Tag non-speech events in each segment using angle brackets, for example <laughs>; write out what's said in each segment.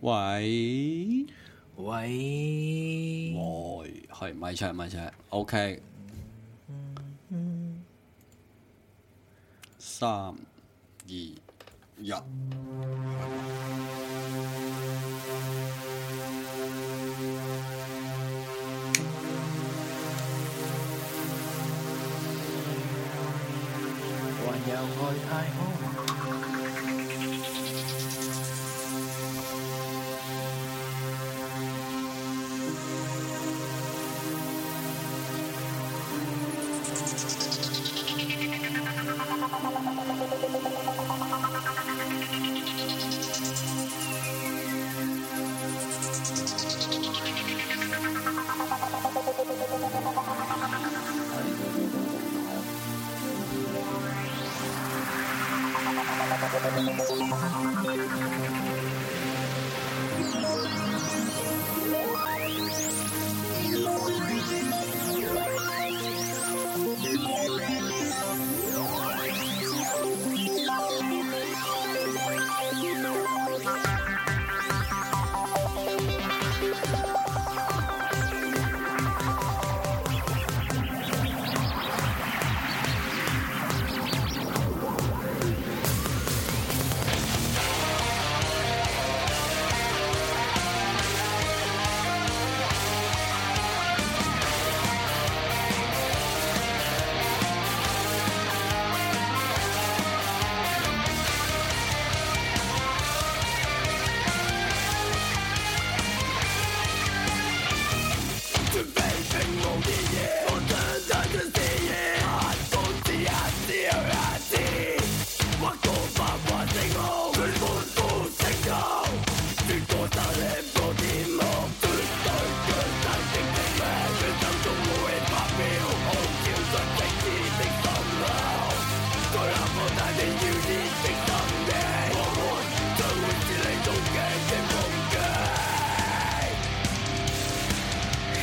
喂喂，係咪菜咪菜？OK，三二一，開麥。還有愛太空。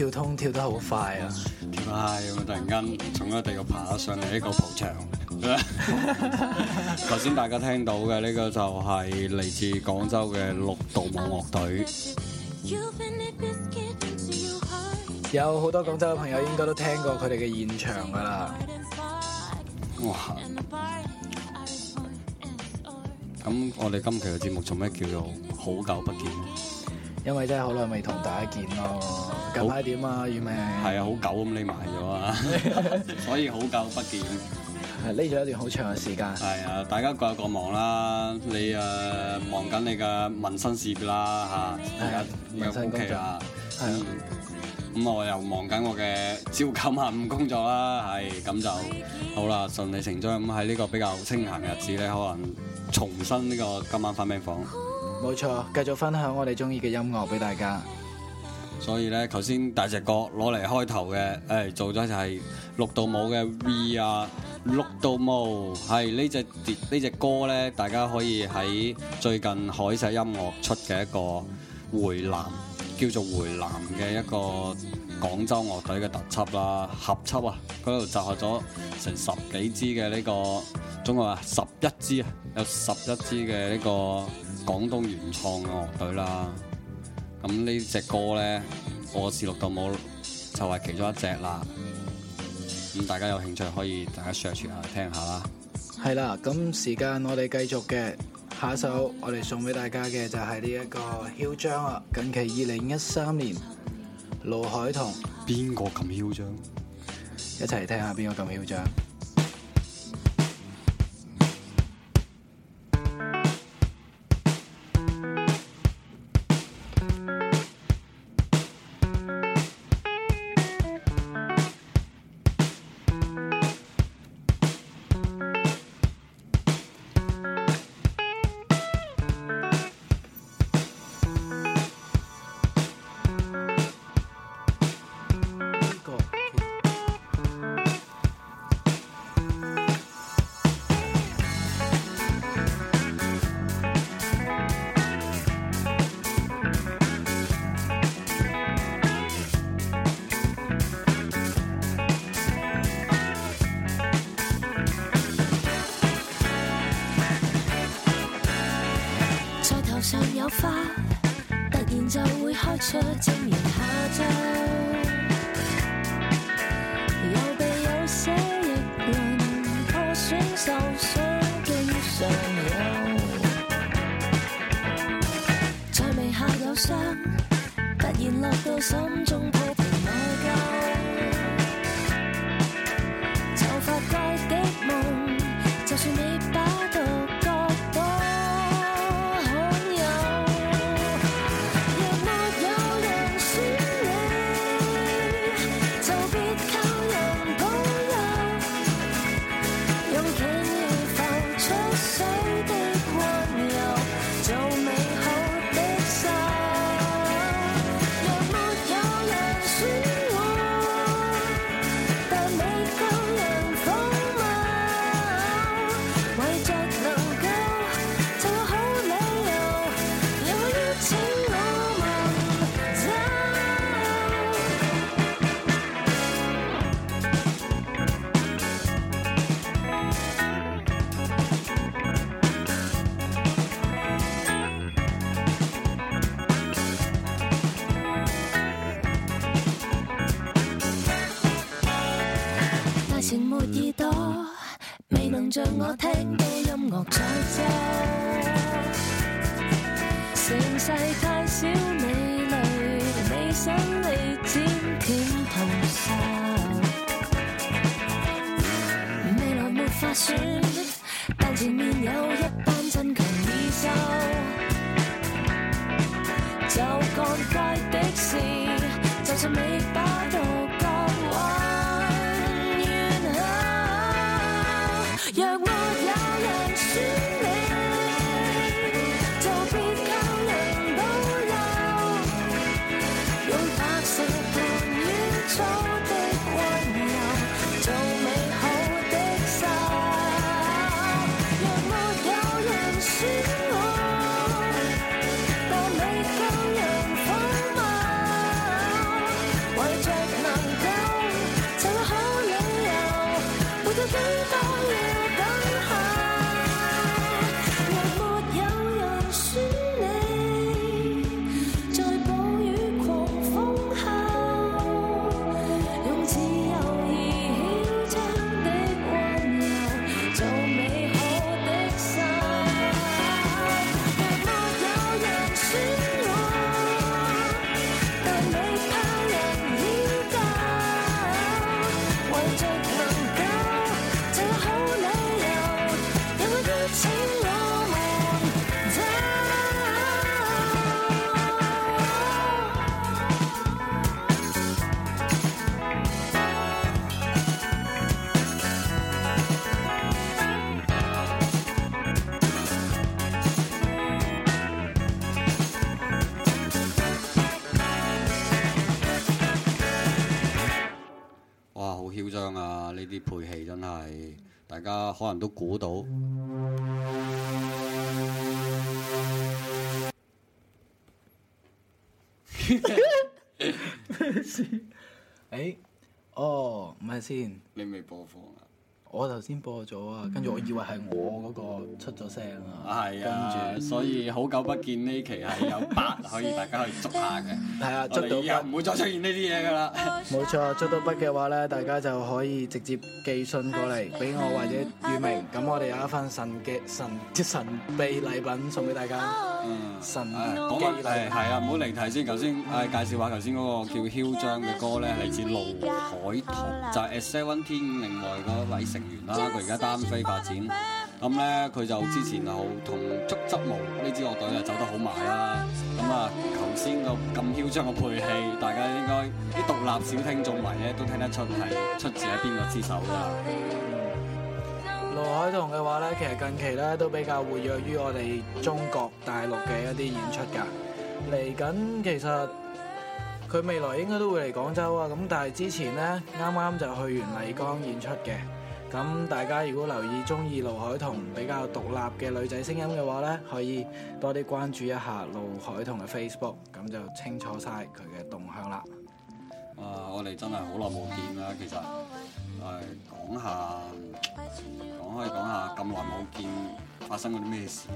跳通跳得好快啊！跳快，突然間從一地獄爬咗上嚟呢個蒲場。頭先大家聽到嘅呢、呢個就係嚟自廣州嘅綠度母樂隊。 <noise> 樂有好多廣州嘅朋友應該都聽過佢哋嘅現場㗎啦。哇！咁 <music> <music> 我哋今期嘅節目做咩叫做好久不見？因為真係好耐未同大家見咯，近排點啊，宇明？係啊，好久咁匿埋咗，啊， <laughs> <laughs> 所以好久不見，匿咗一段好長嘅時間。係啊，大家各有各忙啦，你啊，忙緊你嘅民生事業，啦吓，家民生工作啊，係咁、嗯、對我又忙緊我嘅朝九晚五工作啦，係咁就好啦，順理成章咁喺呢個比較清閒嘅日子咧，可能重新呢個今晚翻 band 房？冇錯，繼續分享我哋中意嘅音樂俾大家。所以咧，頭先大只角攞嚟開頭嘅，誒、哎，做咗就係六度模嘅 V 啊，are, 六度模係呢隻呢隻歌咧，大家可以喺最近海石音樂出嘅一個回南，叫做回南嘅一個。廣州樂隊嘅特輯啦、合輯啊，嗰度集合咗成十幾支嘅呢個，總共啊十一支啊，有十一支嘅呢個廣東原創嘅樂隊啦。咁呢隻歌咧，我是錄到冇，就係其中一隻啦。咁大家有興趣可以大家 search 下聽下啦。係啦，咁時間我哋繼續嘅下一首，我哋送俾大家嘅就係呢一個《囂張》啊，近期二零一三年。盧海棠邊個咁囂張？一齊聽下邊個咁囂張。可能都估到，咦？哦，唔係先，你未播放啊？我頭先播咗啊，跟住我以為係我嗰個出咗聲啊，係啊，跟住所以好久不見呢期係有筆可以大家可以捉下嘅，係啊，捉到筆，以後唔會再出現呢啲嘢噶啦。冇錯，捉到筆嘅話咧，大家就可以直接寄信過嚟俾我或者雨明，咁我哋有一份神嘅神啲神秘禮品送俾大家。嗯，神嘅係係啊，唔好離題先，頭先係介紹話頭先嗰個叫囂張嘅歌咧，嚟自盧凱彤，就係 At Seventeen 另外個位成啦，佢而家單飛發展，咁咧佢就之前又同觸執毛呢支樂隊又走得好埋啦。咁啊，頭先個咁囂張嘅配器，大家應該啲獨立小聽眾位咧都聽得出係出自喺邊個之手㗎。盧凱彤嘅話咧，其實近期咧都比較活躍於我哋中國大陸嘅一啲演出㗎。嚟緊其實佢未來應該都會嚟廣州啊，咁但係之前咧啱啱就去完麗江演出嘅。咁大家如果留意中意盧海彤比較獨立嘅女仔聲音嘅話咧，可以多啲關注一下盧海彤嘅 Facebook，咁就清楚晒佢嘅動向啦。哇！我哋真係好耐冇見啦，其實嚟講下，講開講下咁耐冇見，發生過啲咩事？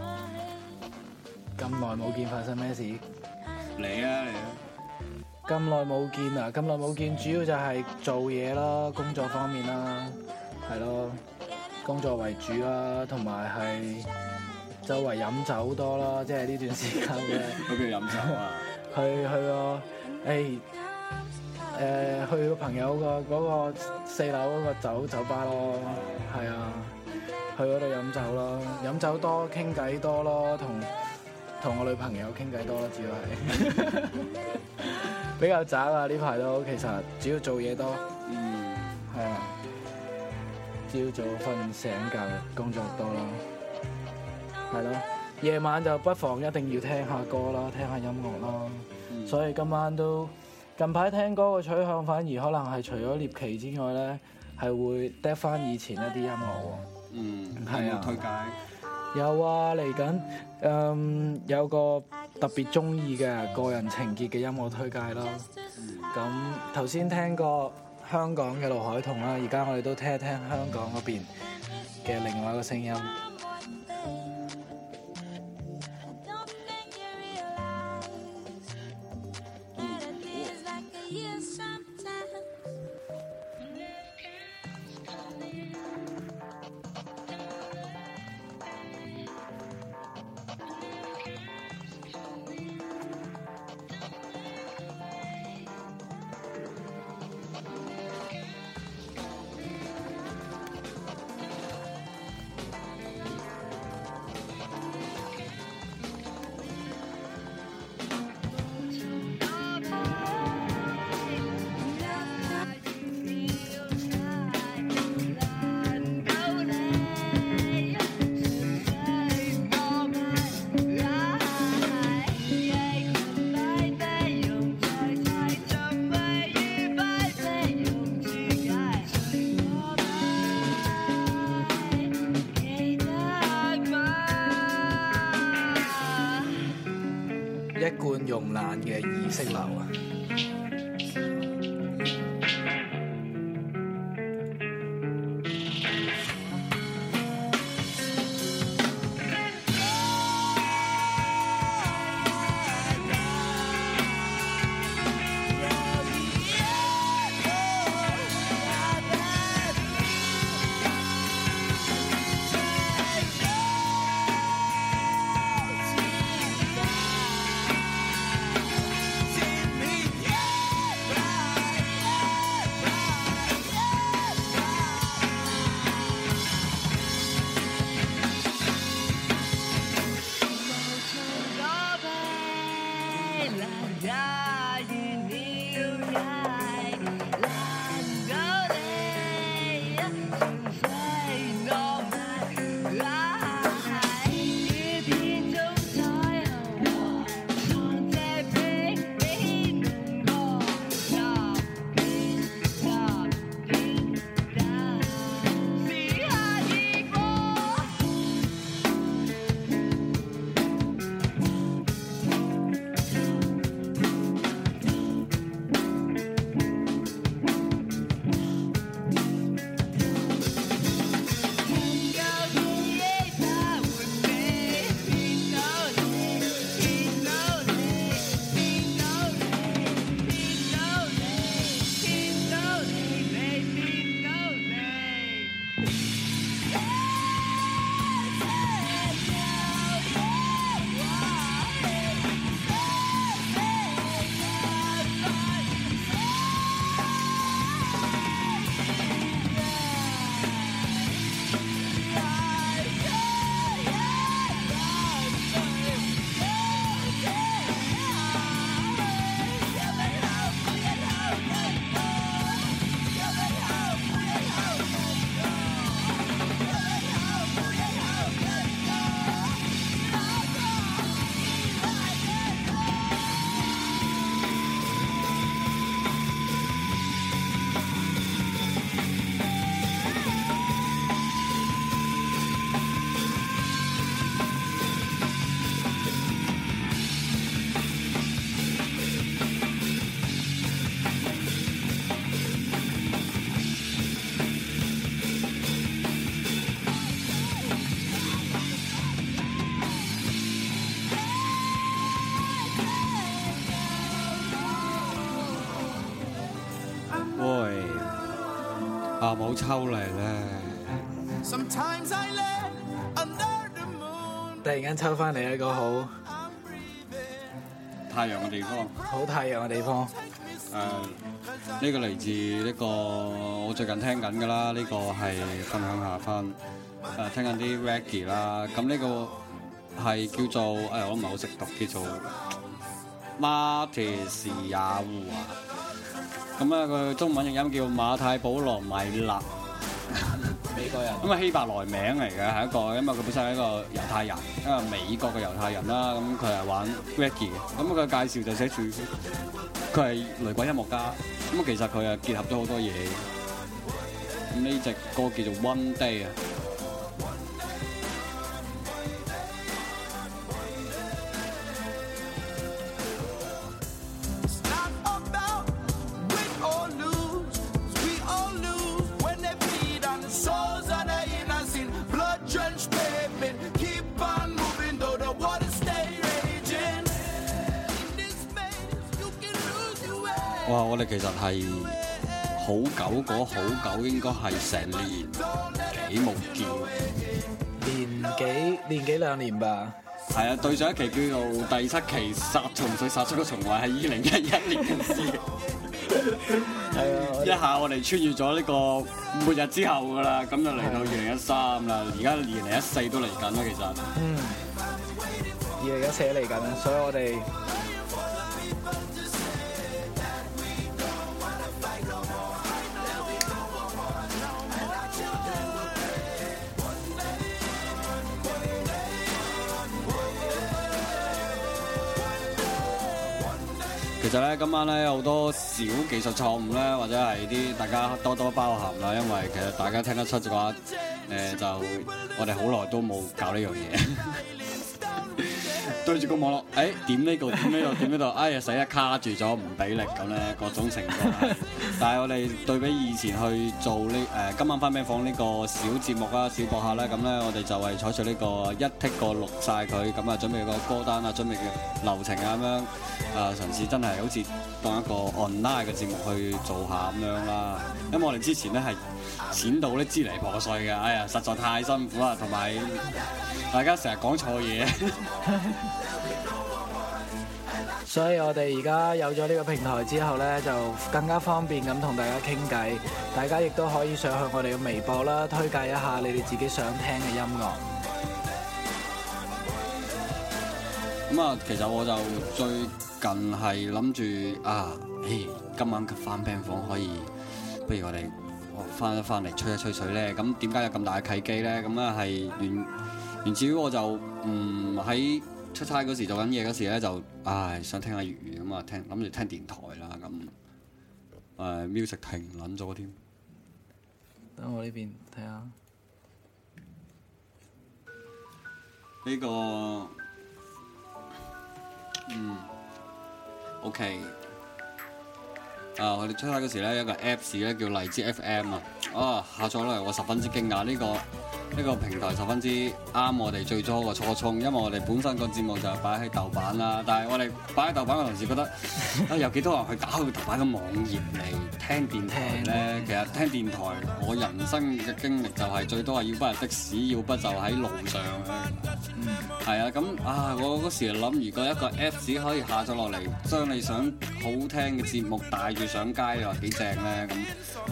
咁耐冇見發生咩事？嚟啊嚟啊！咁耐冇見啊！咁耐冇見，主要就係做嘢咯，工作方面啦。係咯，工作為主啦、啊，同埋係周圍飲酒多咯，即係呢段時間嘅。去邊度飲酒啊？ <laughs> 去去個，誒，誒，去個、欸呃、朋友個嗰個四樓嗰個酒酒吧咯，係 <laughs> 啊，去嗰度飲酒咯，飲酒多，傾偈多咯，同同我女朋友傾偈多咯主要係， <laughs> 比較渣啊呢排都，其實主要做嘢多，嗯，係啊。朝早瞓醒，噶工作多啦，係咯。夜晚就不妨一定要聽下歌啦，聽下音樂啦。嗯、所以今晚都近排聽歌嘅取向，反而可能係除咗獵奇之外咧，係會 drop 翻以前一啲音樂。嗯，係啊的。推介有啊，嚟緊，嗯，有個特別中意嘅個人情結嘅音樂推介咯。咁頭先聽過。嗯香港嘅盧海彤啦，而家我哋都聽一聽香港嗰邊嘅另外一個聲音。好抽嚟咧，突然間抽翻嚟一個好太陽嘅地方，好太陽嘅地方。誒、呃，呢、這個嚟自呢個我最近聽緊嘅、這個呃、啦，呢個係分享下翻，誒聽緊啲 reggae 啦。咁呢個係叫做誒、呃，我唔係好識讀，叫做馬提士亞烏啊。咁啊，佢中文譯音叫馬太保羅米勒， <laughs> 美國人。咁啊，希伯萊名來名嚟嘅，係一個，因為佢本身係一個猶太人，因為美國嘅猶太人啦。咁佢係玩 reggae 嘅。咁佢介紹就寫住，佢係雷鬼音樂家。咁其實佢係結合咗好多嘢。咁呢隻歌叫做 One Day 啊。哇！我哋其實係好久，嗰好久應該係成年幾冇見，年幾年幾兩年吧。係啊，對上一期叫做第七期殺蟲水殺出個蟲環，係二零一一年嘅事。係啊，一下我哋穿越咗呢個末日之後㗎啦，咁就嚟到二零一三啦。而家二零一四都嚟緊啦，其實嗯，二零一四嚟緊啦，所以我哋。其實咧今晚咧有好多小技術錯誤咧，或者係啲大家多多包涵啦，因為其實大家聽得出嘅話，誒、呃、就我哋好耐都冇搞呢樣嘢。 <laughs> 對住個網絡，誒點呢度？點呢、這、度、個？點呢、這、度、個這個這個？哎呀死啦！卡住咗，唔俾力咁咧，各種情況。但係我哋對比以前去做呢誒、呃，今晚翻 band 房呢個小節目啊，小博客咧，咁咧、嗯、我哋就係採取呢、這個、嗯、一 take 過錄曬佢，咁啊準備個歌單啊，準備嘅流程啊咁樣啊，嘗、呃、試真係好似當一個 online 嘅節目去做下咁樣啦。因為我哋之前咧係。錢到咧支離破碎嘅，哎呀，實在太辛苦啦，同埋大家成日講錯嘢， <laughs> 所以我哋而家有咗呢個平台之後咧，就更加方便咁同大家傾偈，大家亦都可以上去我哋嘅微博啦，推介一下你哋自己想聽嘅音樂。咁啊，其實我就最近係諗住啊，誒，今晚嘅翻 band 房可以，不如我哋。翻一翻嚟吹一吹水咧，咁點解有咁大嘅契機咧？咁啊係原原至於我就唔喺，嗯、出差嗰時做緊嘢嗰時咧，就唉想聽下粵語咁啊，聽諗住聽電台啦咁，誒 music 停撚咗添，等我呢邊睇下呢個嗯，OK。啊！我哋出街時咧，有個 Apps 咧叫荔枝 FM 啊，哦，下載落嚟，我十分之驚訝呢個呢、呢個平台十分之啱我哋最初個初衷，因為我哋本身個節目就係擺喺豆瓣啦。但係我哋擺喺豆瓣嘅同時，覺得 <laughs> 啊有幾多人去打開開豆瓣嘅網頁嚟聽電台咧？其實聽電台，我人生嘅經歷就係、是、最多係要不係的士，要不就喺路上。嗯。係啊，咁啊，我時時諗，如果一個 Apps 可以下載落嚟，將你想好聽嘅節目帶，上街又幾正咧咁，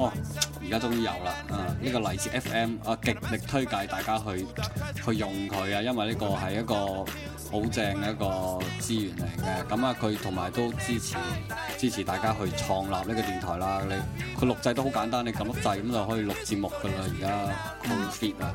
哦！而家終於有啦，嗯、啊，呢、呢個荔枝 FM 啊，極力推介大家去去用佢啊，因為呢個係一個好正嘅一個資源嚟嘅。咁啊，佢同埋都支持支持大家去創立呢個電台啦、啊。你佢錄製都好簡單，你撳一掣咁就可以錄節目噶啦。而家好 fit 啊！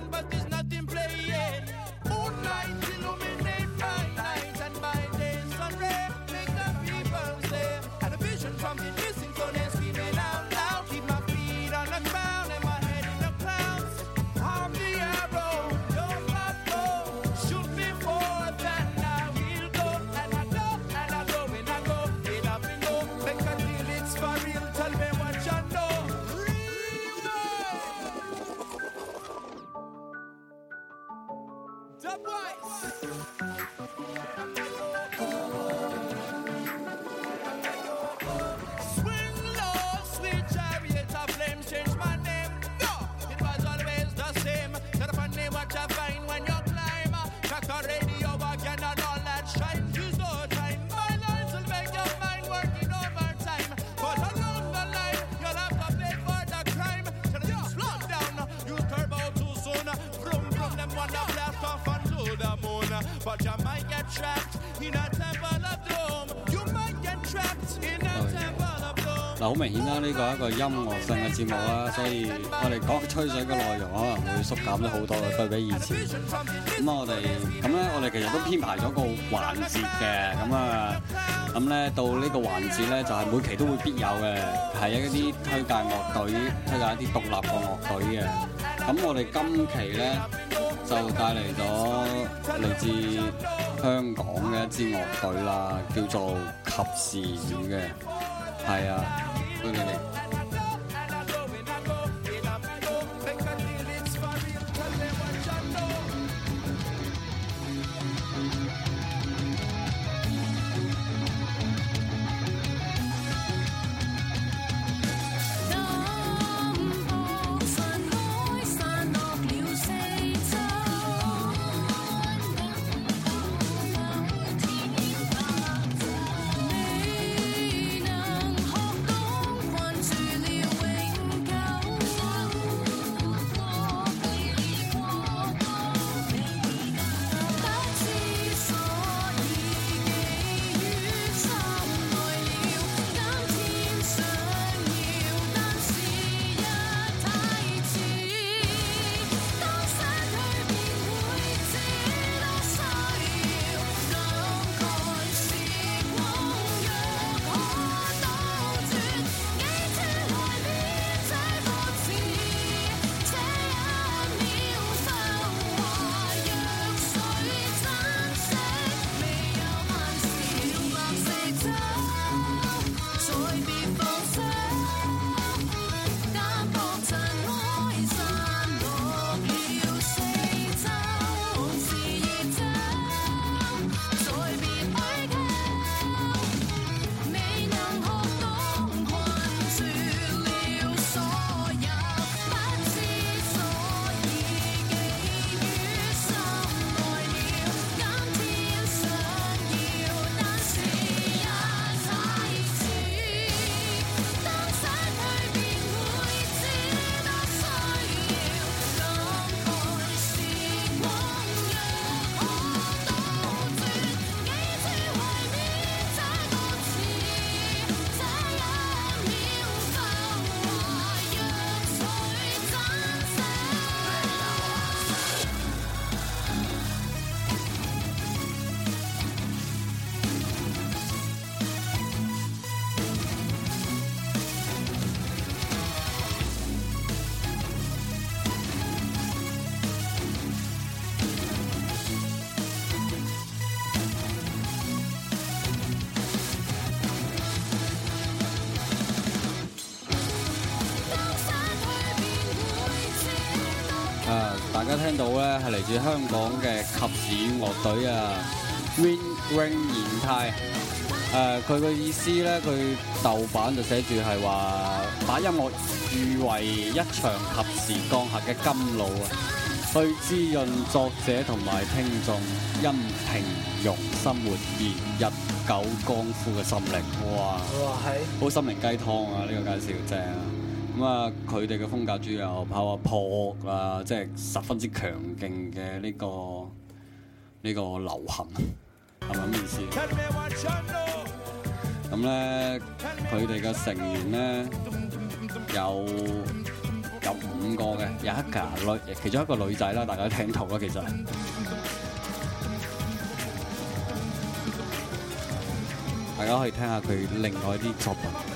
嗱，好明顯啦，呢個係一個音樂性嘅節目啦，所以我哋講吹水嘅內容可能會縮減咗好多，對比以前。咁啊、 <music> 嗯，我哋咁咧，我哋其實都編排咗個環節嘅，咁、嗯、啊，咁、嗯、咧、嗯、到呢個環節咧，就係、是、每期都會必有嘅，係一啲推介樂隊、推介一啲獨立嘅樂隊嘅。咁、嗯、我哋今期咧。就帶嚟咗來自香港嘅一支樂隊啦，叫做《及時雨》嘅，係啊，歡迎你。嚟自香港嘅及時樂隊啊，Wind r i n 延泰，誒佢嘅意思咧？佢豆版就寫住係話，把音樂譽為一場及時降客嘅甘露啊，去滋潤作者同埋聽眾，恩平育生活而日久光夫嘅心靈，哇，好心靈雞湯啊，呢個介紹正。這個咁啊，佢哋嘅風格主要跑啊破啊，即係十分之強勁嘅呢、呢個呢、呢個流行，係咪咁意思？咁咧，佢哋嘅成員咧有有五個嘅，有一個女，其中一個女仔啦，大家聽圖啦，其實 <music> 大家可以聽下佢另外啲作品。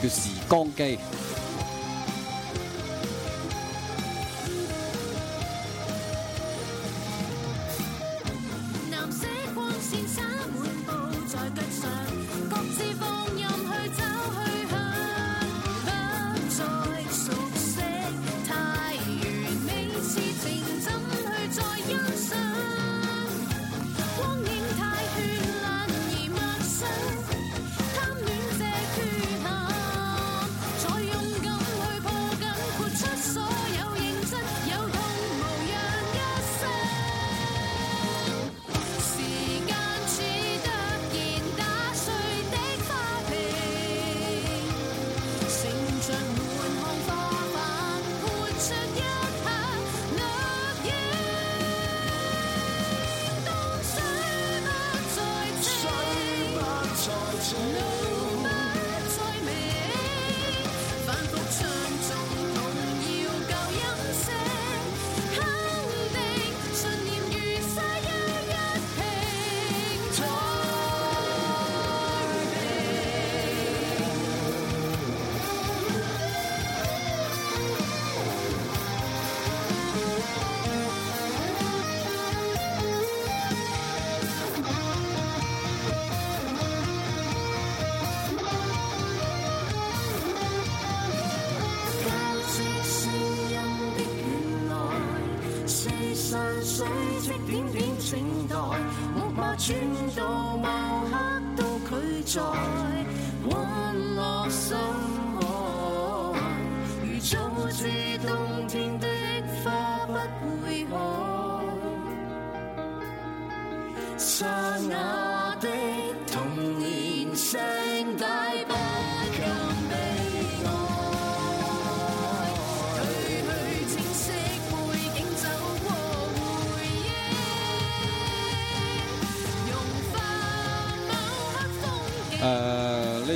叫時光機。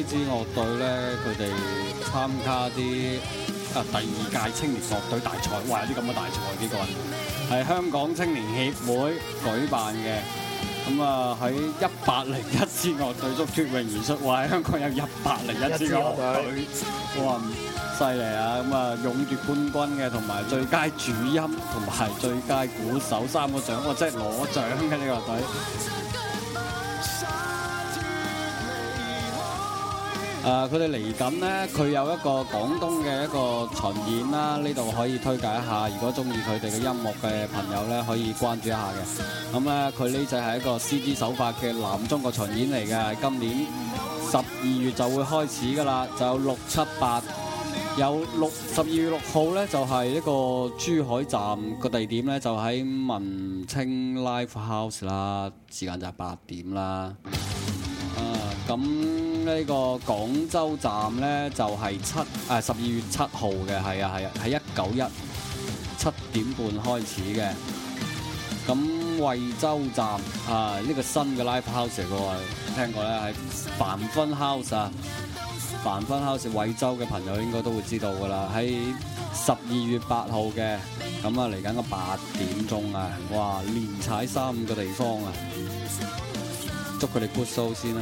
支樂隊咧，佢哋參加啲啊第二屆青年樂隊大賽，哇！有啲咁嘅大賽，呢個係香港青年協會舉辦嘅。咁、嗯、啊，喺一百零一支樂隊中脫穎而出，哇！喺香港有一百零一支樂隊，哇！犀利啊！咁、嗯、啊，勇奪冠軍嘅，同埋最佳主音，同埋最佳鼓手三個獎，我真係攞獎嘅呢個隊。誒佢哋嚟緊呢，佢有一個廣東嘅一個巡演啦，呢度可以推介一下。如果中意佢哋嘅音樂嘅朋友呢，可以關注一下嘅。咁、嗯、呢，佢呢就係一個 cg 手法嘅南中國巡演嚟嘅，今年十二月就會開始噶啦，就有六七八有六十二月六號呢，就係、是、一個珠海站個地點呢，就喺文清 Live House 啦，時間就係八點啦。咁、啊。呢個廣州站咧就係、是、七誒十二月七號嘅，係啊係啊，喺一九一七點半開始嘅。咁惠州站啊呢、這個新嘅 live house 喎，聽過咧喺繁芬 house 啊，繁芬 house 惠州嘅朋友應該都會知道噶啦，喺十二月八號嘅，咁啊嚟緊個八點鐘啊，哇連踩三五個地方啊，祝佢哋 good show 先啦。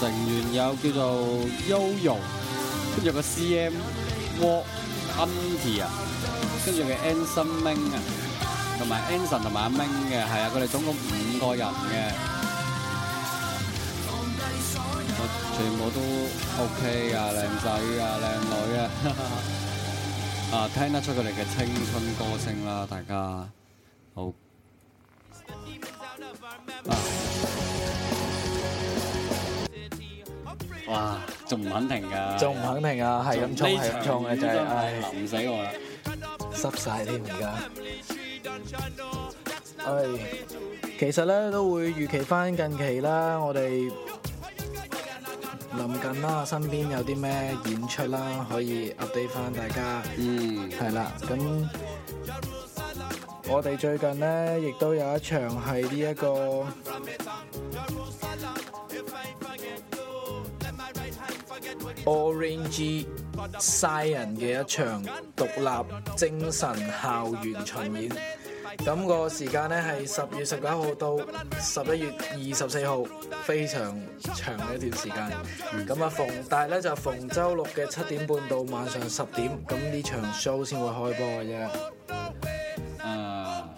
成員有叫做 Yoyo，跟住個 CM Walk Andy 啊，跟住嘅 Anson Ming 啊，同埋 Anson 同埋阿 Ming 嘅，係啊，佢哋總共五個人嘅，全部都 OK 啊，靚仔啊，靚女啊，啊聽得出佢哋嘅青春歌聲啦，大家。唔肯定噶，仲唔肯定啊？係咁沖，係咁沖啊！就係唉，淋死我啦，濕晒添而家。哎，其實咧都會預期翻近期啦，我哋臨近啦，身邊有啲咩演出啦，可以 update 翻大家。嗯，係啦，咁我哋最近咧亦都有一場係呢一個。Orange Siren 嘅一場獨立精神校園巡演，咁個時間咧係十月十九號到十一月二十四號，非常長嘅一段時間。咁啊、嗯，逢大咧就逢周六嘅七點半到晚上十點，咁呢場 show 先會開播嘅啫。啊，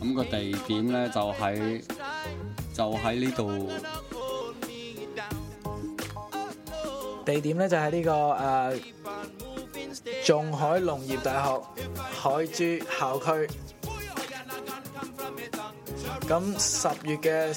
咁個地點咧就喺就喺呢度。地點咧就喺呢、這個誒、呃，仲海農業大學海珠校區。咁、 <laughs> <laughs> 啊、十月嘅，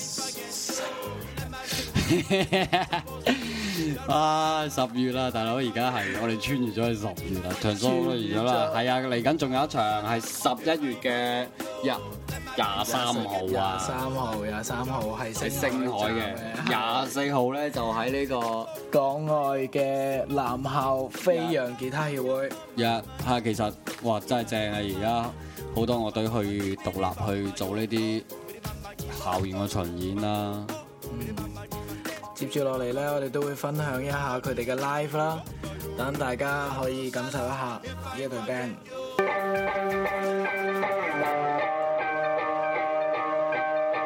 啊十月啦，大佬，而家係我哋穿越咗去 <laughs> 十月啦，穿梭都完咗啦。係 <laughs> 啊，嚟緊仲有一場係十一月嘅日。廿三號啊，廿三號廿三號係星海嘅。廿四號咧就喺呢個港外嘅南校飛揚吉他協會。一係、yeah, 其實哇真係正啊！而家好多樂隊去獨立去做呢啲校園嘅巡演啦。嗯，接住落嚟咧，我哋都會分享一下佢哋嘅 live 啦，等大家可以感受一下呢個 band。Uh,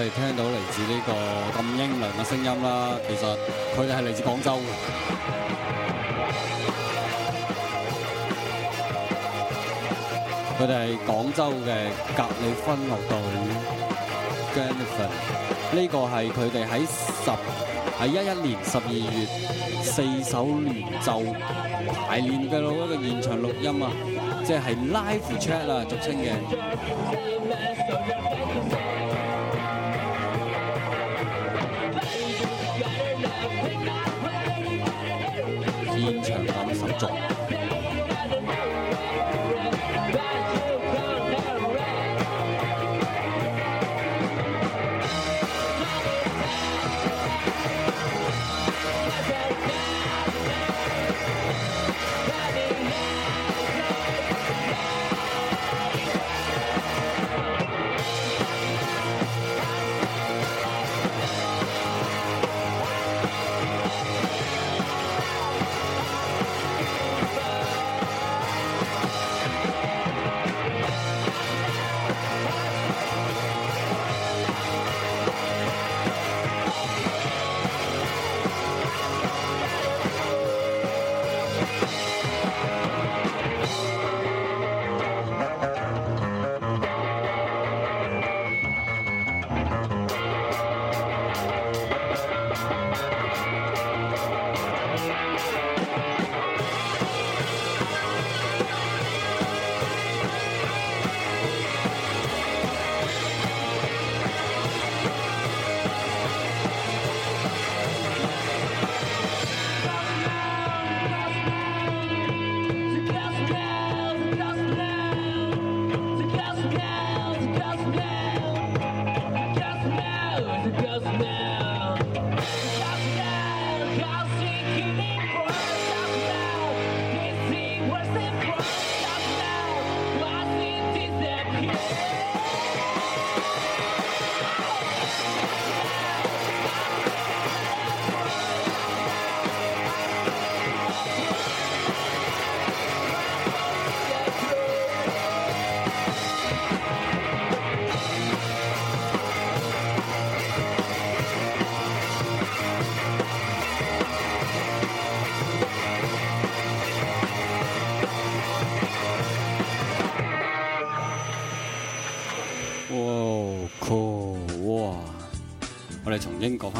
我哋聽到嚟自呢個咁英倫嘅聲音啦，其實佢哋係嚟自廣州，佢哋係廣州嘅格里芬隊 <noise> 樂隊，Jennifer。呢個係佢哋喺十喺一一年十二月四首聯奏排練嘅嗰個現場錄音啊，即係 live check 啦，俗稱嘅。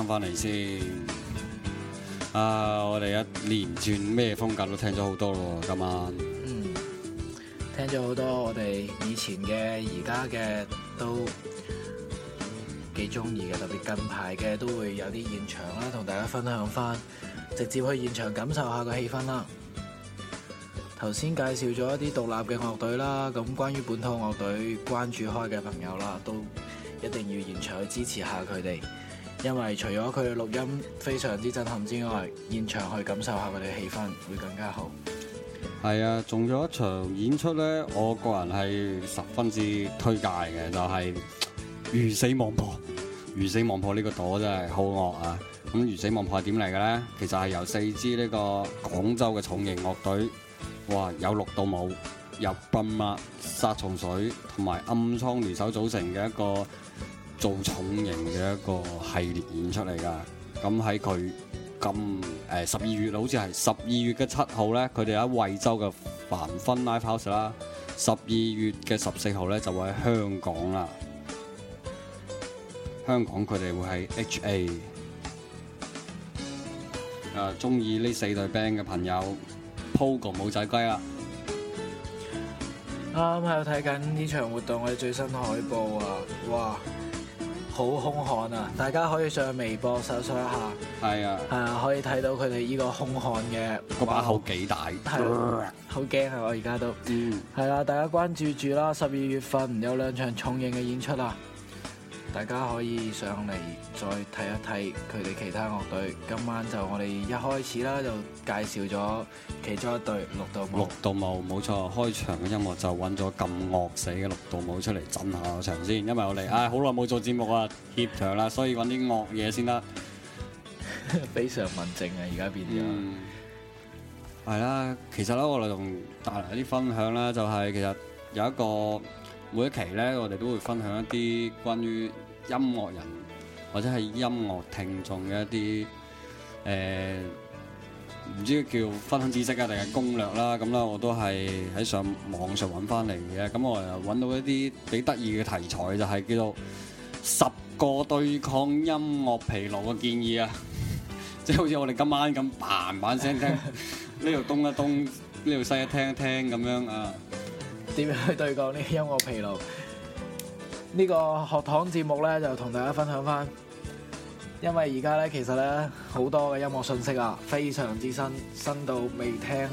翻嚟先啊！我哋一連轉咩風格都聽咗好多咯，今晚嗯，聽咗好多我哋以前嘅、而家嘅都幾中意嘅，特別近排嘅都會有啲現場啦，同大家分享翻，直接去現場感受下個氣氛啦。頭先介紹咗一啲獨立嘅樂隊啦，咁關於本土樂隊關注開嘅朋友啦，都一定要現場去支持下佢哋。因為除咗佢嘅錄音非常之震撼之外，現場去感受下佢哋嘅氣氛會更加好。係啊，仲有一場演出咧，我個人係十分之推介嘅，就係、是《魚死網破》。《魚死網破》呢、這個朵真係好惡啊！咁《魚死網破》係點嚟嘅咧？其實係由四支呢個廣州嘅重型樂隊，哇，有綠到冇，有笨麥殺蟲水同埋暗瘡聯手組成嘅一個，做重型嘅一個系列演出嚟噶，咁喺佢咁誒十二月，好似係十二月嘅七號咧，佢哋喺惠州嘅凡芬 Live House 啦；十二月嘅十四號咧，就會喺香港啦。香港佢哋會喺 HA、啊。誒，中意呢四隊 band 嘅朋友，Pogo 母仔雞啦。啱啱喺度睇緊呢場活動嘅最新海報啊！哇！好凶悍啊！大家可以上微博搜索一下，係啊的，係啊，可以睇到佢哋依個凶悍嘅個把口幾大，係好驚啊！我而家都，嗯，係啦，大家關注住啦！十二月份有兩場重型嘅演出啊！大家可以上嚟再睇一睇佢哋其他樂隊。今晚就我哋一開始啦，就介紹咗其中一隊六度舞。六度舞冇錯。開場嘅音樂就揾咗咁惡死嘅六度舞出嚟震下場先，因為我哋唉好耐冇做節目啊，怯場啦，所以揾啲惡嘢先得。非常文靜啊，而家變咗。係啦，其實咧我哋同帶嚟啲分享咧，就係其實有一個每一期咧，我哋都會分享一啲關於。音樂人或者係音樂聽眾嘅一啲誒，唔知叫分享知識啊定係攻略啦咁啦，我都係喺上網上揾翻嚟嘅。咁我又揾到一啲幾得意嘅題材，就係叫做十個對抗音樂疲勞嘅建議啊！即係好似我哋今晚咁，嘭嘭聲聽呢度東一東，呢度西一聽一聽咁樣啊！點樣去對抗呢個音樂疲勞？呢個學堂節目咧，就同大家分享翻，因為而家咧其實咧好多嘅音樂信息啊，非常之新，新到未聽，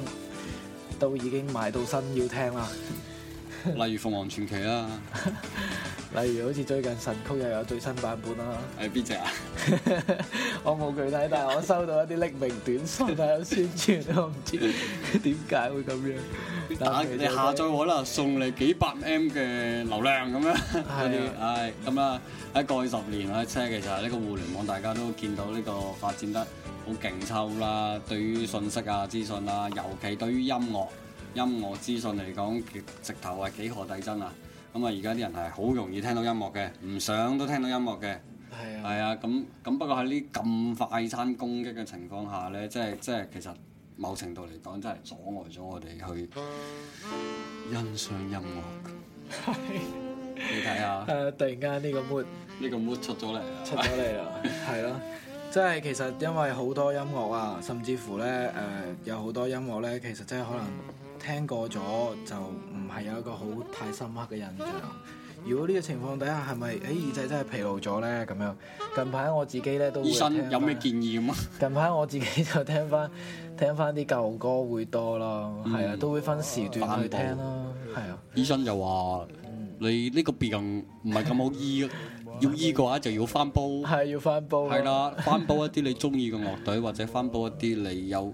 都已經買到新要聽啦。 <laughs> 例如鳳凰傳奇啦。 <laughs> 例如好似最近神曲又有最新版本啦，係邊隻啊？我冇具體，但係我收到一啲匿名短信喺度宣傳，我唔知點解會咁樣。打你下載我啦，送你幾百 M 嘅流量咁樣。係，係咁啦。喺過去十年啊，唓其實呢個互聯網大家都見到呢個發展得好勁抽啦。對於信息啊、資訊啊，尤其對於音樂、音樂資訊嚟講，直頭係幾何遞增啊！咁啊！而家啲人係好容易聽到音樂嘅，唔想都聽到音樂嘅。係啊，係啊。咁咁不過喺呢咁快餐攻擊嘅情況下咧，即係即係其實某程度嚟講，真係阻礙咗我哋去欣賞音樂。啊、你睇下。誒、啊，突然間呢個 mood 呢個 mood 出咗嚟，出咗嚟啦。係咯，即係其實因為好多音樂啊，甚至乎咧誒、呃，有好多音樂咧，其實真係可能。聽過咗就唔係有一個好太深刻嘅印象。如果呢個情況底下係咪欸耳仔真係疲勞咗咧？咁樣近排我自己咧都會。醫生有咩建議嗎？近排我自己就聽翻聽翻啲舊歌會多咯，係、嗯、啊，都會分時段去聽咯。係啊。啊醫生就話、嗯、你呢個病唔係咁好醫， <laughs> 要醫嘅話就要翻煲。係、啊、要翻煲。係啦、啊，翻煲一啲你中意嘅樂隊 <laughs> 或者翻煲一啲你有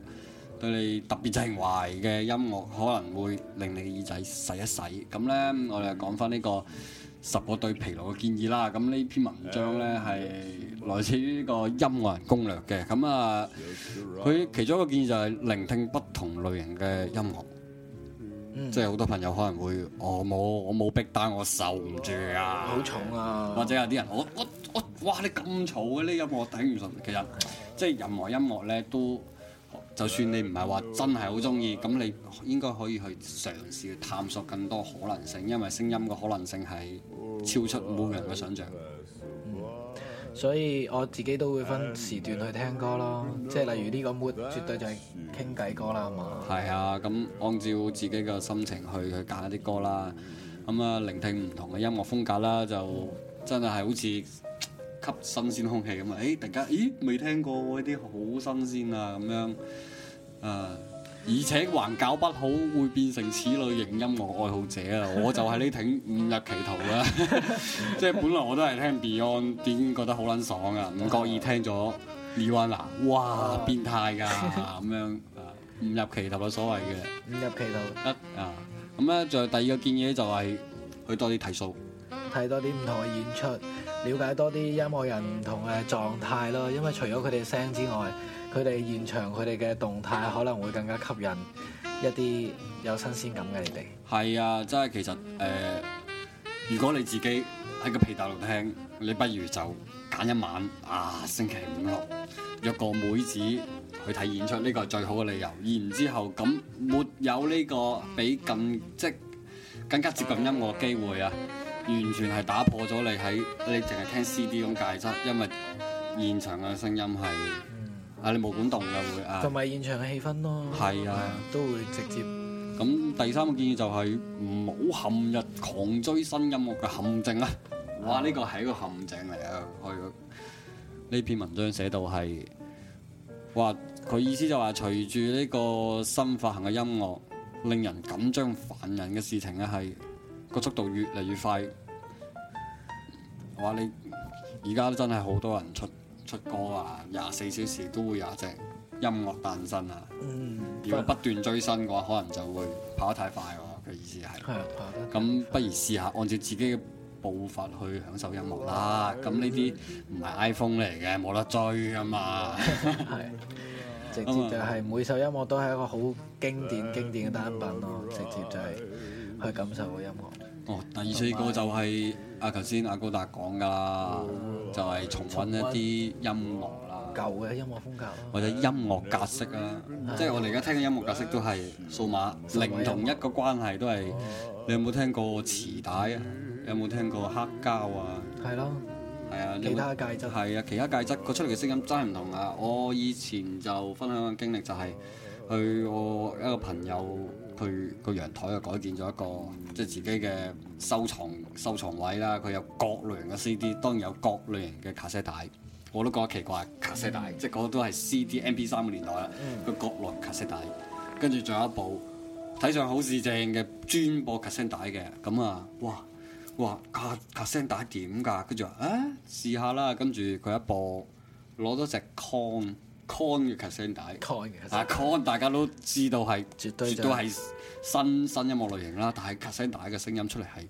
對你特別情懷嘅音樂可能會令你耳仔洗一洗，咁咧我哋講翻呢個十個對疲勞嘅建議啦。咁呢篇文章咧係來自於呢個音樂人攻略嘅，咁啊佢其中一個建議就係聆聽不同類型嘅音樂，mm. 即係好多朋友可能會、哦、我冇我冇逼單我受唔住啊，好重啊，或者有啲人我我我、oh, oh, 哇你咁嘈嘅呢音樂頂唔順，其實即係任何音樂咧都。就算你唔係話真係好中意，咁你應該可以去嘗試探索更多可能性，因為聲音嘅可能性係超出每人嘅想像、嗯。所以我自己都會分時段去聽歌咯，即係例如呢個 mood 絕對就係傾偈歌啦嘛。係、嗯、啊，咁、嗯、按照自己嘅心情去去揀一啲歌啦，咁、嗯、啊聆聽唔同嘅音樂風格啦，就真係係好似吸新鮮空氣咁啊、欸！突然間咦未聽過呢啲好新鮮啊咁樣。誒、嗯，而且還搞不好會變成此類型音樂愛好者啦，我就喺呢挺誤入歧途啦， <laughs> <laughs> 即係本來我都係聽 Beyond，點覺得好撚爽啊，唔覺意聽咗 Beyond 啊，哇，變態噶，咁樣啊，誤入歧途嘅所謂嘅，誤入歧途，一啊、嗯，咁咧就第二個建議就係去多啲睇數，睇多啲唔同嘅演出，了解多啲音樂人唔同嘅狀態咯，因為除咗佢哋聲之外。佢哋現場，佢哋嘅動態可能會更加吸引一啲有新鮮感嘅你哋。係 <noise> <noise> 啊，真、就、係、是、其實誒、呃，如果你自己喺個被竇度聽，你不如就揀一晚啊，星期五六約個妹子去睇演出，呢個係最好嘅理由。然之後咁，沒有呢個俾咁即更加接近音樂嘅機會啊，完全係打破咗你喺你淨係聽 CD 咁介質，因為現場嘅聲音係。啊！你冇管動嘅會啊，同埋現場嘅氣氛咯，係啊，啊都會直接。咁第三個建議就係唔好陷入狂追新音樂嘅陷阱啊！哇，呢個係一個陷阱嚟、oh. 啊！去呢篇文章寫到係話，佢意思就話、是、隨住呢個新發行嘅音樂，令人緊張煩人嘅事情啊，係個速度越嚟越快。哇！你而家都真係好多人出。出歌啊，廿四小時都會有一隻音樂誕生啊！嗯、如果不斷追新嘅話，可能就會跑得太快喎。佢意思係，咁的不如試下按照自己嘅步伐去享受音樂啦。咁呢啲唔係 iPhone 嚟嘅，冇得追啊嘛。係， <laughs> 直接就係每首音樂都係一個好經典經典嘅單品咯。直接就係去感受個音樂。哦、第二四個就係阿頭先阿高達講噶，哦、就係重溫一啲音樂啦，舊嘅音樂風格、啊，或者音樂格式啦、啊。啊、即係我哋而家聽嘅音樂格式都係數碼,數碼零同一個關係都，都係、哦、你有冇聽過磁帶啊？嗯、你有冇聽過黑膠啊？係咯了，係啊,啊，其他介質係啊，哦、其他介質嗰出嚟嘅聲音真係唔同啊！我以前就分享個經歷就係，去我一個朋友。佢個陽台又改建咗一個，即、就、係、是、自己嘅收藏收藏位啦。佢有各類型嘅 CD，當然有各類型嘅卡式帶。我都覺得奇怪，卡式帶、mm. 即係嗰個都係 CD、MP3 嘅年代啦。佢、mm. 各類卡式帶，跟住仲有一部睇上好似正嘅專播卡式帶嘅。咁啊，哇哇卡卡式帶點㗎？跟住話啊，試下啦。跟住佢一播，攞咗隻 con。Con 嘅 cassette 帶啊 Con 大家都知道係，絕對都係新新音樂類型啦。但係 cassette 帶嘅聲音出嚟係，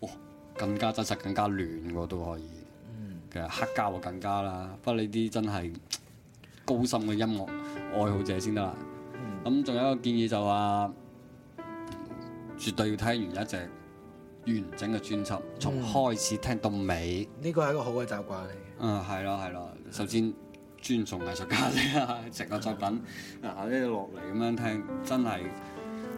哇，更加真實，更加暖嘅都可以。嗯、其實黑膠更加啦，不過呢啲真係高深嘅音樂愛好者先得啦。咁仲、嗯、有一個建議就話、是，絕對要聽完一隻完整嘅專輯，從、嗯、開始聽到尾。呢個係一個好嘅習慣嚟嘅。嗯，係咯，係咯。首先。的尊重藝術家先啦，成 <laughs> 個作品嗱呢落嚟咁樣聽，真係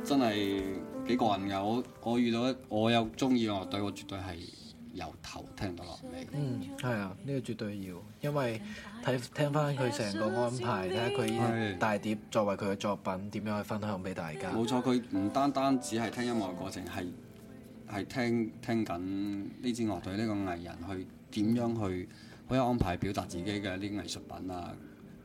真係幾個人㗎。我我遇到一，我有中意嘅樂隊，我絕對係由頭聽到落尾。嗯，係啊，呢個絕對要，因為睇聽翻佢成個安排，睇下佢大碟作為佢嘅作品，點樣去分享俾大家。冇錯，佢唔單單只係聽音樂嘅過程，係係聽聽緊呢支樂隊呢個藝人去點樣去。可以安排，表達自己嘅啲藝術品啊！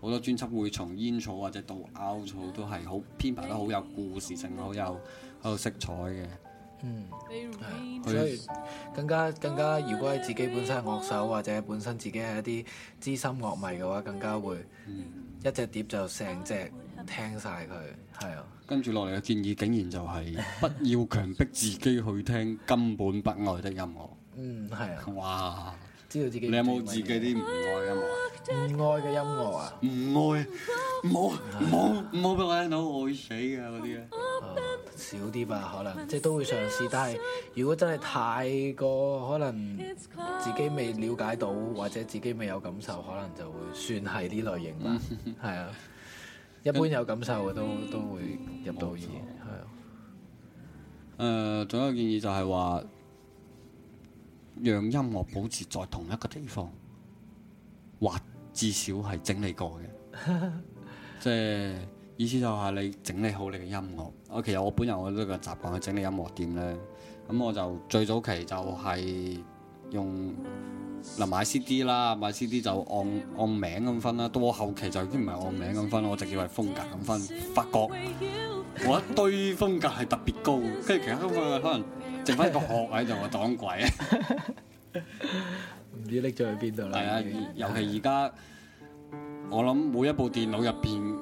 好多專輯會從煙草或者到凹草都係好編排得好有故事性，好有好色彩嘅。嗯，係，所以更加更加，如果係自己本身係樂手或者本身自己係一啲資深樂迷嘅話，更加會、嗯、一隻碟就成隻聽晒。佢。係啊，跟住落嚟嘅建議竟然就係不要強迫自己去聽根本不愛的音樂。嗯，係啊。哇！知道自己你有冇自己啲唔愛嘅音樂，唔愛嘅音樂啊？唔愛，冇冇冇俾我聽到，愛死嘅嗰啲啊！少啲吧，可能即係都會嘗試，但係如果真係太過可能自己未瞭解到，或者自己未有感受，可能就會算係啲類型吧。係啊，一般有感受嘅都都會入到耳。係啊。誒，仲有個建議就係話。讓音樂保持在同一個地方，或至少係整理過嘅， <laughs> 即係意思就係你整理好你嘅音樂。我其實我本人我都個習慣去整理音樂店咧，咁我就最早期就係用嗱買 CD 啦，買 CD 就按按名咁分啦，到我後期就已經唔係按名咁分，我直接係風格咁分。發覺，我一堆風格係特別高，跟住其他風格可能。 <music> 剩翻個殼喺度我擋鬼啊！唔 <laughs> 知拎咗去邊度啦～係啊， <music> 尤其而家 <music> 我諗每一部電腦入邊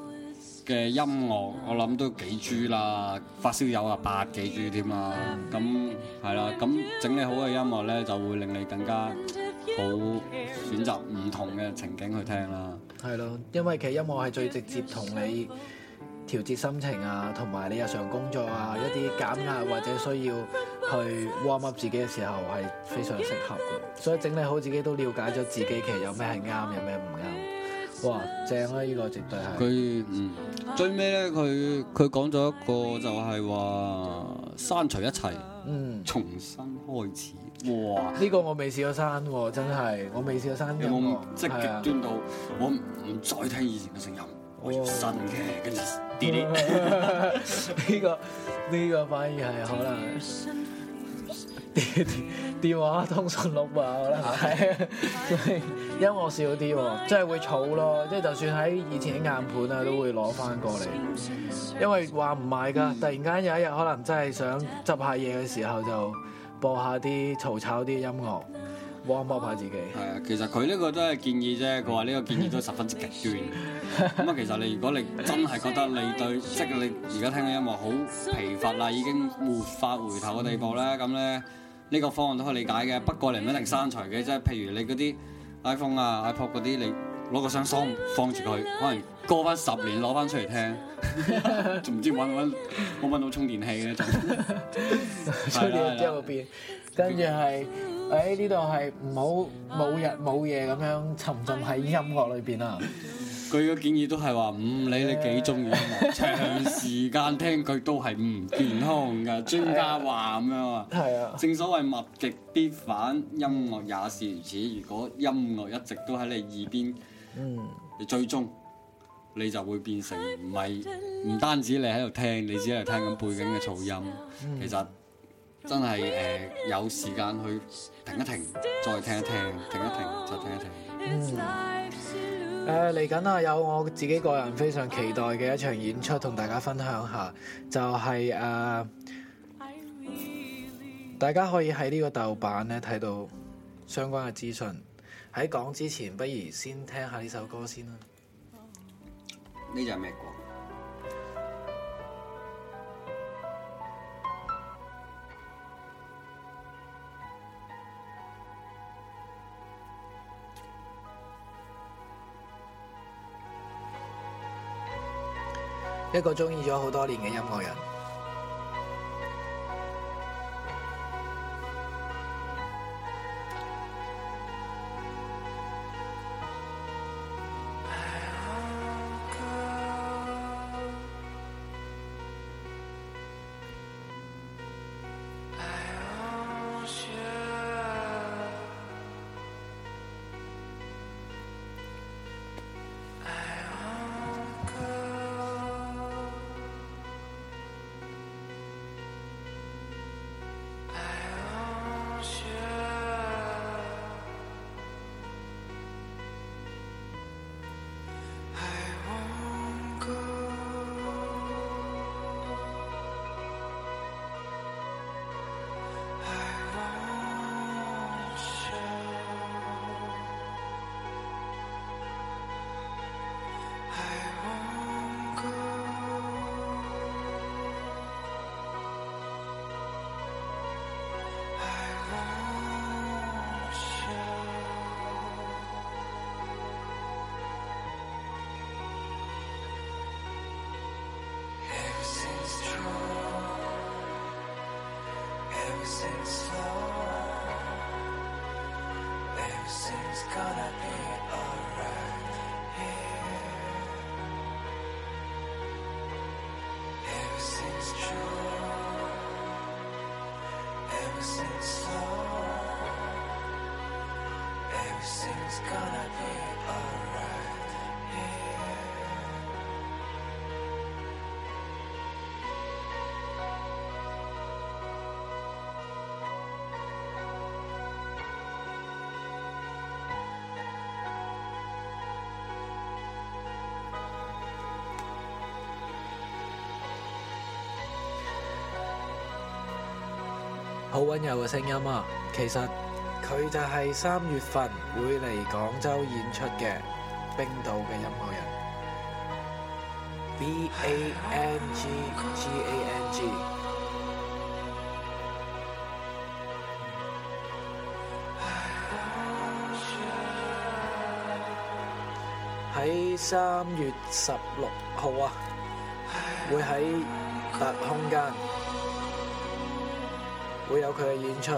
嘅音樂，我諗都幾 G 啦，發燒友啊百幾 G 添啊！咁係啦，咁整理好嘅音樂咧，就會令你更加好選擇唔同嘅情景去聽啦。係咯，因為其實音樂係最直接同你。調節心情啊，同埋你日常工作啊，一啲減壓或者需要去 warm up 自己嘅時候係非常適合嘅。所以整理好自己都了解咗自己，其實有咩係啱，有咩唔啱。哇，正啊！呢、呢個絕對係。佢、嗯、最尾咧，佢佢講咗一個就係話刪除一切，嗯，重新開始。嗯、哇！呢個我未試過刪喎、哦，真係我未試過刪嘅。我即係極端到是、嗯、我唔再聽以前嘅聲音，我要新嘅，跟住。呢、嗯 <laughs> 這個呢、這個反而係可能，電 <laughs> 電話通訊錄啊，可能係音樂少啲，真係會儲咯，即係就算喺以前啲硬盤啊，都會攞翻過嚟，因為話唔買噶，突然間有一日可能真係想執下嘢嘅時候就播下啲嘈吵啲音樂。幫幫下自己。係啊， <music> 其實佢呢個都係建議啫。佢話呢個建議都十分之極端。咁啊，其實你如果你真係覺得你對識你而家聽嘅音樂好疲乏啦，已經無法回頭嘅地步咧，咁咧 <music> 呢、呢個方案都可以理解嘅。不過你唔一定刪除嘅，即係譬如你嗰啲 iPhone 啊、iPod 嗰啲，你攞個箱箱放住佢，可能過翻十年攞翻出嚟聽。仲唔知揾唔揾，冇到充電器嘅就，充電機喺邊，跟住係，誒呢度係唔好冇日冇夜咁樣沉浸喺音樂裏邊啊！佢個建議都係話，唔理你幾中意，長時間聽佢都係唔健康㗎，專家話咁樣啊！係啊，正所謂物極必反，音樂也是如此。如果音樂一直都喺你耳邊，嗯，你最終。，你就會變成唔係唔單止你喺度聽，你只係聽緊背景嘅噪音。嗯、其實真係誒、呃、有時間去停一停，再聽一聽，停一停，再聽一聽。嗯。誒嚟緊啊，有我自己個人非常期待嘅一場演出，同大家分享下，就係、是、誒、呃、大家可以喺呢個豆瓣咧睇到相關嘅資訊。喺講之前，不如先聽下呢首歌先啦。呢隻係咩歌？一個中意咗好多年嘅音樂人。好温柔嘅聲音啊！其實佢就係三月份會嚟廣州演出嘅冰島嘅音樂人，B A N G G A N G。喺三月十六號啊，會喺空間。會有佢嘅演出。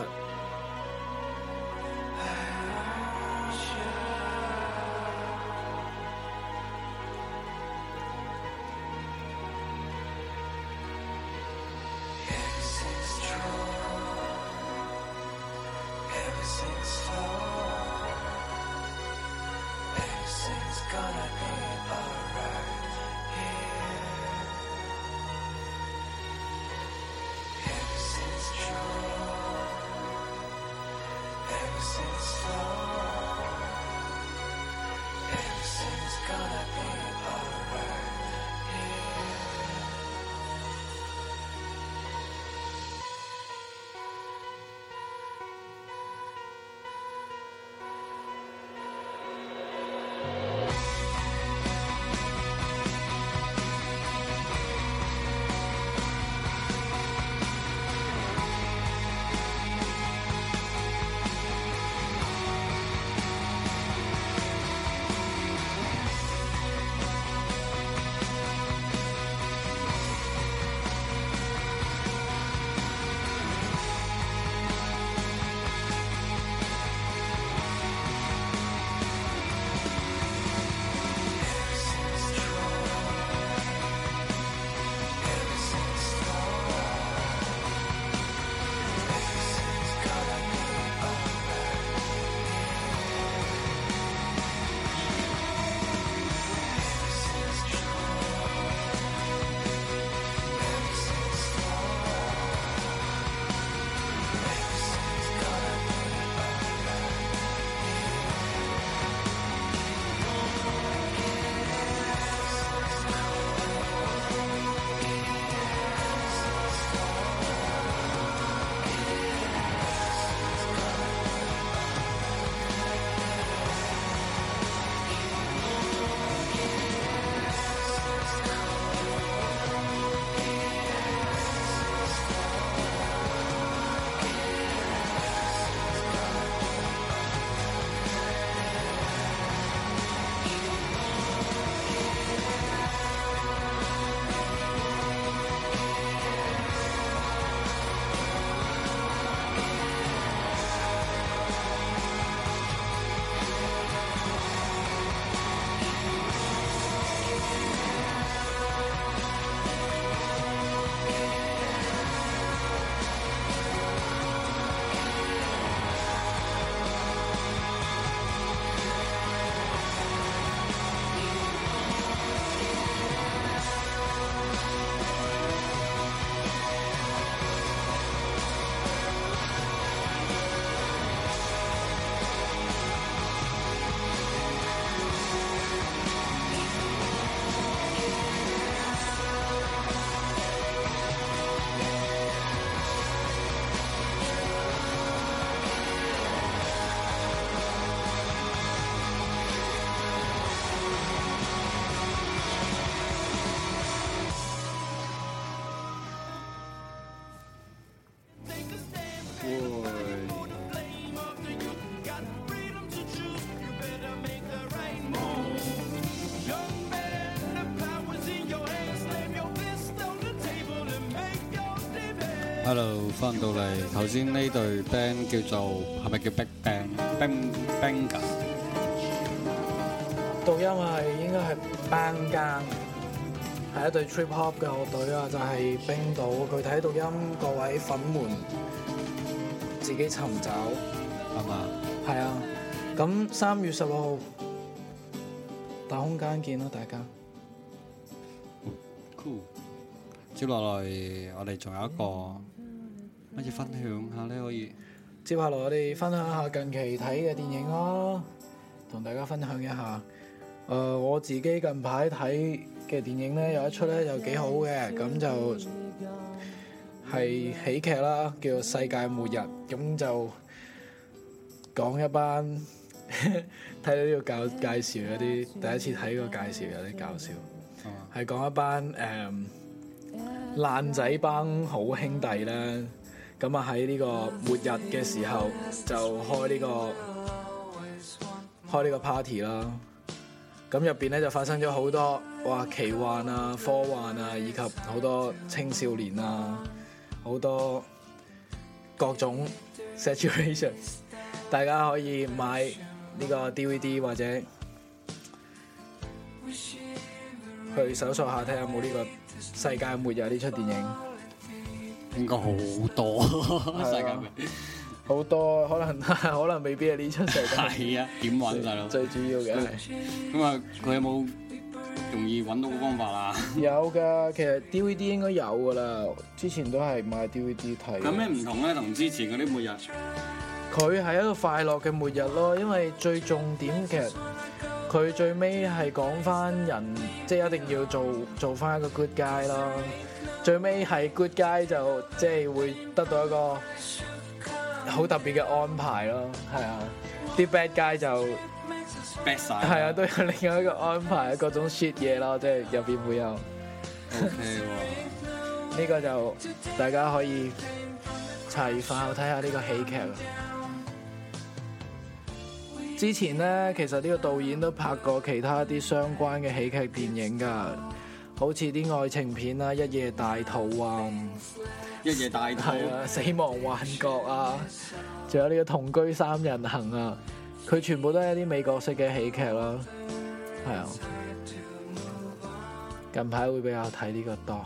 翻到嚟，頭先呢隊 band 叫做係咪叫 Big Bang？Big Bang 噶？讀音係應該係 Bang Gang，係一隊 trip hop 嘅樂隊啊，就係冰島。具體讀音各位粉們自己尋找，係嘛？係啊，咁三月十六號大空間見啦，大家。Cool。接落嚟我哋仲有一個。可以分享下咧，可以接下嚟，我哋分享一下近期睇嘅電影咯，同大家分享一下。誒，我自己近排睇嘅電影咧有一出咧就幾好嘅，咁就係喜劇啦，叫做《世界末日》。咁就講一班睇到呢個教介紹有啲第一次睇個介紹有啲搞笑，係講一班誒爛仔班好兄弟啦。咁啊喺呢個末日嘅時候就開呢個開呢個 party 啦！咁入邊咧就發生咗好多哇奇幻啊科幻啊以及好多青少年啊好多各種 situations，大家可以買呢個 DVD 或者去搜索下睇下有冇呢個世界末日呢出電影。應該好多世界嘅好多，可能 <laughs> 可能未必係呢出世界。係啊，點揾大佬？ <laughs> 是 <laughs> 最主要嘅。咁啊，佢有冇容易揾到嘅方法啊？ <laughs> 有㗎，其實 DVD 應該有㗎啦。之前都係買 DVD 睇。有咩唔同咧？同之前嗰啲末日？佢係一個快樂嘅末日咯，因為最重點其實佢最尾係講翻人，即係一定要做做翻一個 good guy 咯。最尾係 good guy 就即係會得到一個好特別嘅安排咯，係啊，啲 <music> bad guy 就 bad，係啊，都有另外一個安排，各種 shit 嘢咯，即係入邊會有。OK 喎，呢個就大家可以齊化睇下呢個喜劇。之前咧，其實呢個導演都拍過其他啲相關嘅喜劇電影噶。好似啲愛情片啊，一夜大肚啊，一夜大肚，係啊，死亡幻覺啊，仲有呢個同居三人行啊，佢全部都係一啲美國式嘅喜劇咯，係啊，啊近排會比較睇呢個多。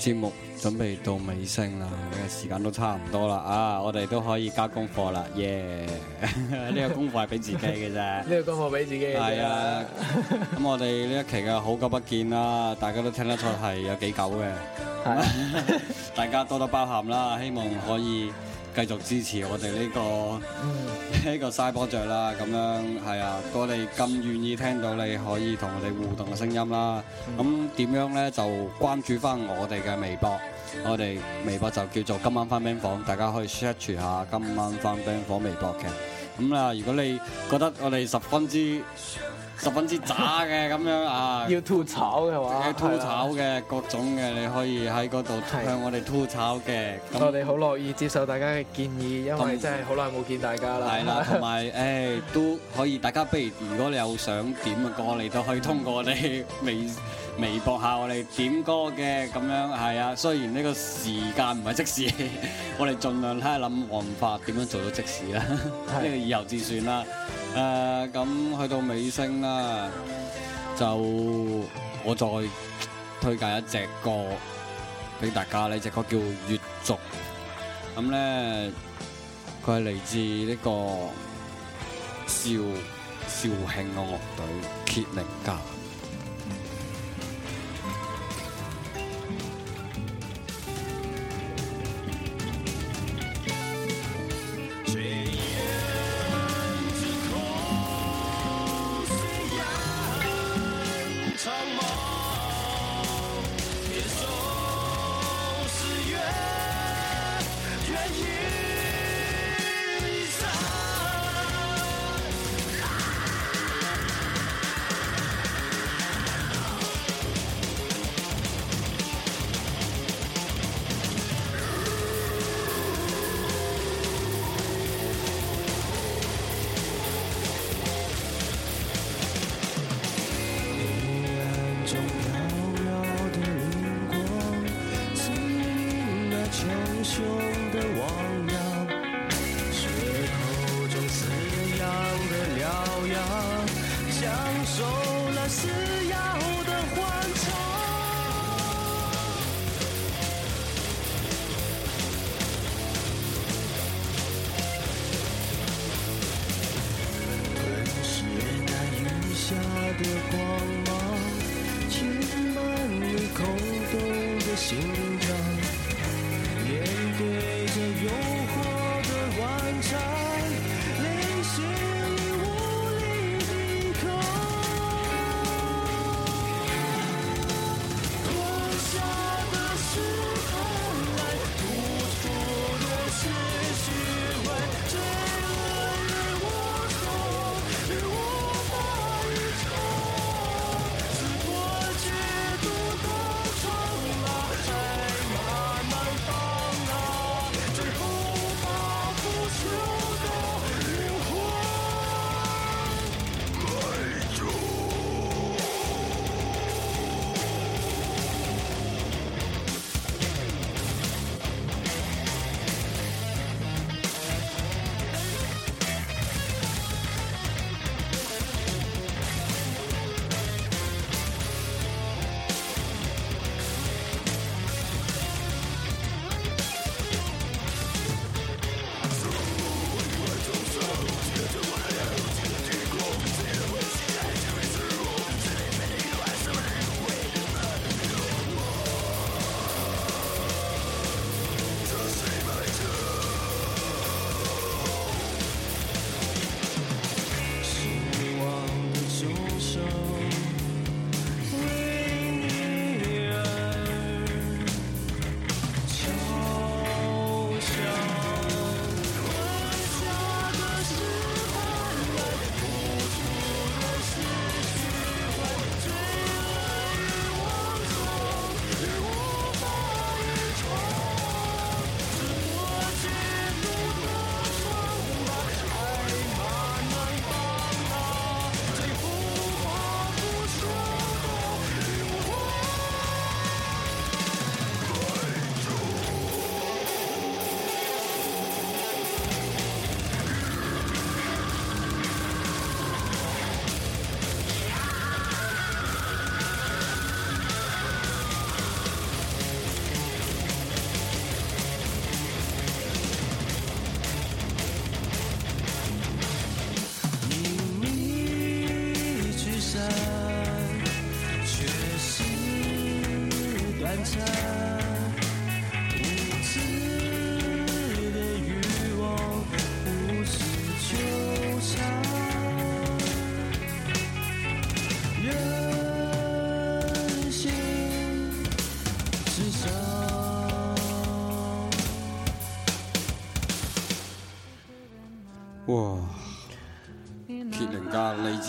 節目準備到尾聲啦，時間都差唔多啦啊！我哋都可以加功課啦，耶！呢個功課係俾自己嘅啫，呢 <laughs> 個功課俾自己嘅。係啊，咁 <laughs> 我哋呢一期嘅好久不見啦，大家都聽得出係有幾久嘅， <laughs> 大家多多包涵啦，希望可以。繼續支持我哋呢個呢、呢個嘥波著啦，咁樣係啊！我你咁願意聽到你可以同我哋互動嘅聲音啦。咁點樣咧？就關注翻我哋嘅微博，我哋微博就叫做今晚翻 band 房，大家可以 search 下今晚翻 band 房微博嘅。咁啦，如果你覺得我哋十分之，十分之渣嘅咁樣啊！要吐槽嘅要吐槽嘅了各種嘅，你可以喺嗰度向我哋吐槽嘅。咁我哋好樂意接受大家嘅建議，因為真係好耐冇見大家啦。係啦了，同埋誒都可以，大家不如如果你有想點嘅歌，嚟，都可以通過我哋微微博下我哋點歌嘅咁樣。係啊，雖然呢個時間唔係即時，我哋儘量睇下諗辦法點樣做到即時啦，呢個的了以後至算啦。誒、嗯，咁去到尾聲啦，就我再推介一隻歌俾大家，呢隻歌叫《粵族》，咁咧佢係嚟自呢個肇肇慶嘅樂隊揭明噶。OR part 我。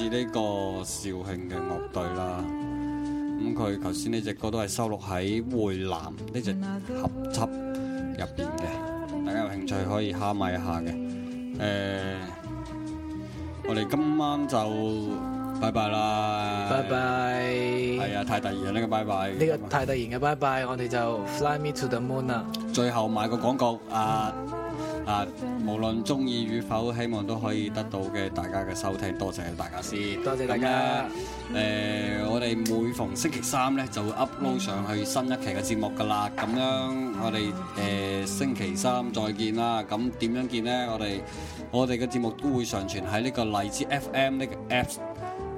呢 <music> 個肇慶嘅樂隊啦，咁佢頭先呢隻歌都係收錄喺《會南》呢隻合輯入邊嘅，大家有興趣可以蝦買一下嘅。誒、呃，我哋今晚就拜拜啦！拜拜！係啊，太突然啊呢個拜拜，呢個太突然嘅拜拜，我哋就 Fly me to the moon 啦。最後賣個廣告啊！啊！無論中意與否，希望都可以得到嘅大家嘅收聽，多謝大家先，多謝大家。誒、呃，我哋每逢星期三咧，就會 upload 上，上去新一期嘅節目噶啦。咁樣我哋誒、呃、星期三再見啦。咁點樣見咧？我哋我哋嘅節目都會上傳喺呢個荔枝 FM 呢個 Apps。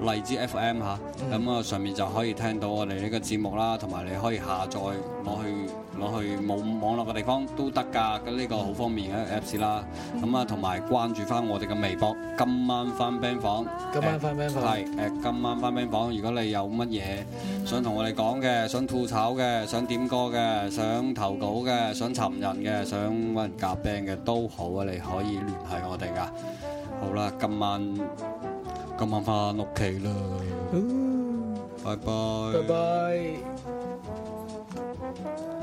荔枝 FM 嚇、啊，咁啊上面就可以聽到我哋呢個節目啦，同埋你可以下載攞去攞去冇網絡嘅地方都得㗎，咁、這、呢個好方便嘅 Apps 啦、啊。咁啊同埋關注翻我哋嘅微博，今晚翻 band 房。今晚翻 band 房。係誒、呃，今晚翻 band 房。呃、房如果你有乜嘢想同我哋講嘅，想吐槽嘅，想點歌嘅，想投稿嘅，想尋人嘅，想揾人夾 band 嘅，都好啊，你可以聯繫我哋㗎。好啦，今晚。今晚翻屋企啦，拜拜。拜拜。 <noise>